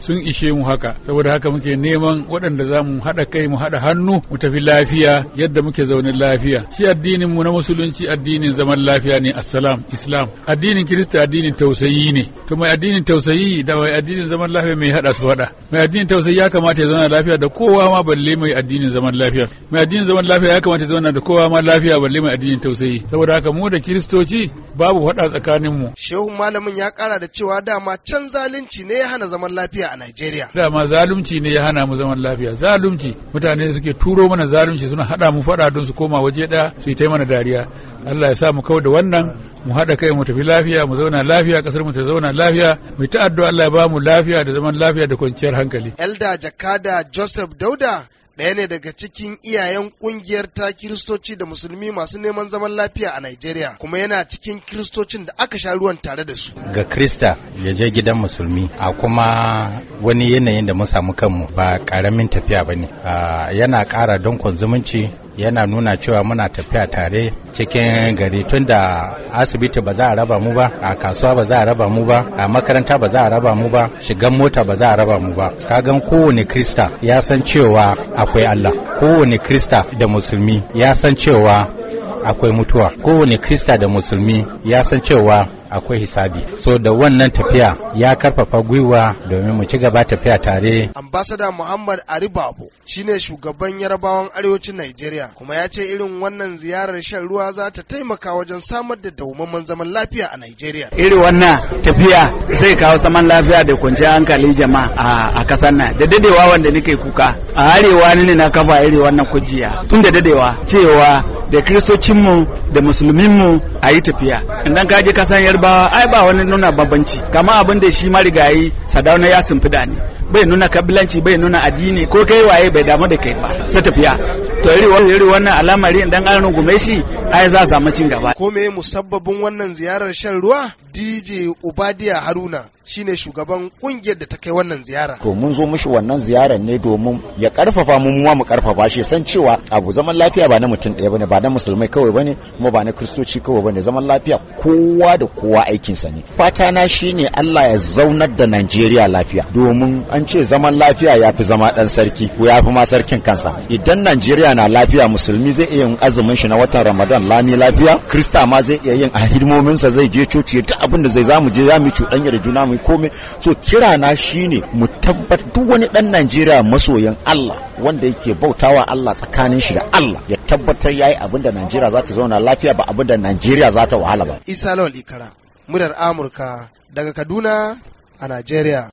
sun ishe mu haka saboda haka muke neman waɗanda za mu haɗa kai mu haɗa hannu mu tafi lafiya yadda muke zaune lafiya shi addinin mu na musulunci addinin zaman lafiya ne assalam islam addinin kirista addinin tausayi ne to mai addinin tausayi da mai addinin zaman lafiya mai haɗa su haɗa mai addinin tausayi ya kamata ya zauna lafiya da kowa ma balle mai addinin zaman lafiya mai addinin zaman lafiya ya kamata ya zauna da kowa ma lafiya balle mai addinin tausayi saboda haka mu da kiristoci babu faɗa mu Shehun malamin ya kara da cewa dama can zalunci ne ya hana zaman lafiya a Najeriya. Dama zalunci ne ya hana mu zaman lafiya. Zalunci mutane suke turo mana zalunci suna haɗa mu faɗa don su koma waje ɗaya su yi ta mana dariya. Allah ya sa mu kau da wannan mu haɗa kai mu tafi lafiya mu zauna lafiya ƙasar mu ta zauna lafiya mu ta Allah ya ba mu lafiya da zaman lafiya da kwanciyar hankali. Elda Jakada Joseph Dauda ɗaya ne daga cikin iyayen ƙungiyar ta kiristoci da musulmi masu neman zaman lafiya a Najeriya kuma yana cikin kiristocin da aka sha ruwan tare da su. Ga Krista ya je gidan musulmi a kuma wani yanayin da mu samu kanmu ba ƙaramin tafiya ba ne. Ah, yana ƙara donkon zumunci yana nuna cewa muna tafiya tare cikin gari tunda asibiti ba za a raba mu ba a kasuwa ba za a raba mu ba a makaranta ba za a raba mu ba shigan mota ba za a raba mu ba ka gan kowane krista ya san cewa akwai allah kowane krista da musulmi ya san cewa akwai mutuwa kowane krista da musulmi ya san cewa akwai hisabi so da wannan tafiya ya karfafa gwiwa domin mu ci gaba tafiya tare ambasada muhammad aribabo shine shugaban yarabawan arewacin nigeria kuma ya ce irin wannan ziyarar shan ruwa za ta taimaka wajen samar da dawamman zaman lafiya a nigeria irin wannan tafiya zai kawo zaman lafiya da kwanciyar hankali jama'a a kasar nan da dadewa wanda nake kuka a arewa ne na kafa irin wannan kujiya tun da dadewa cewa da kristocinmu da musulminmu a yi tafiya idan ka je kasan yarbawa ai ba wani nuna bambanci kama abin da shi marigayi sadauna ya sumfida ne bai nuna kabilanci bai nuna addini ko kai waye bai damu da kai ba sai tafiya to iri wannan alamari idan an rungume shi ai za a samu cin gaba ko me musabbabin wannan ziyarar shan ruwa DJ ubadia Haruna Shi ne shugaban kungiyar da ta kai wannan ziyara. To mun zo mishi wannan ziyarar ne domin ya karfafa mu mu karfafa shi san cewa abu zaman lafiya ba na mutum ɗaya bane ba na musulmai kawai bane kuma ba na kristoci kawai bane zaman lafiya kowa da kowa aikinsa ne. Fata na shine Allah ya zaunar da Najeriya lafiya domin an ce zaman lafiya ya fi zama ɗan sarki ko ya fi ma sarkin kansa. Idan Najeriya na lafiya musulmi zai iya yin azumin shi na watan Ramadan lami lafiya, Krista ma zai iya yin a sa zai je coci duk abin da zai zamu je mu cuɗanya da juna mu komai so kira na shine mu tabbatar duk wani dan Najeriya masoyan Allah wanda yake bautawa Allah tsakanin shi da Allah ya tabbatar yayi abin da Najeriya za ta zauna lafiya ba abin da Najeriya za ta wahala ba Isa Lawal Ikara murar Amurka daga Kaduna a Najeriya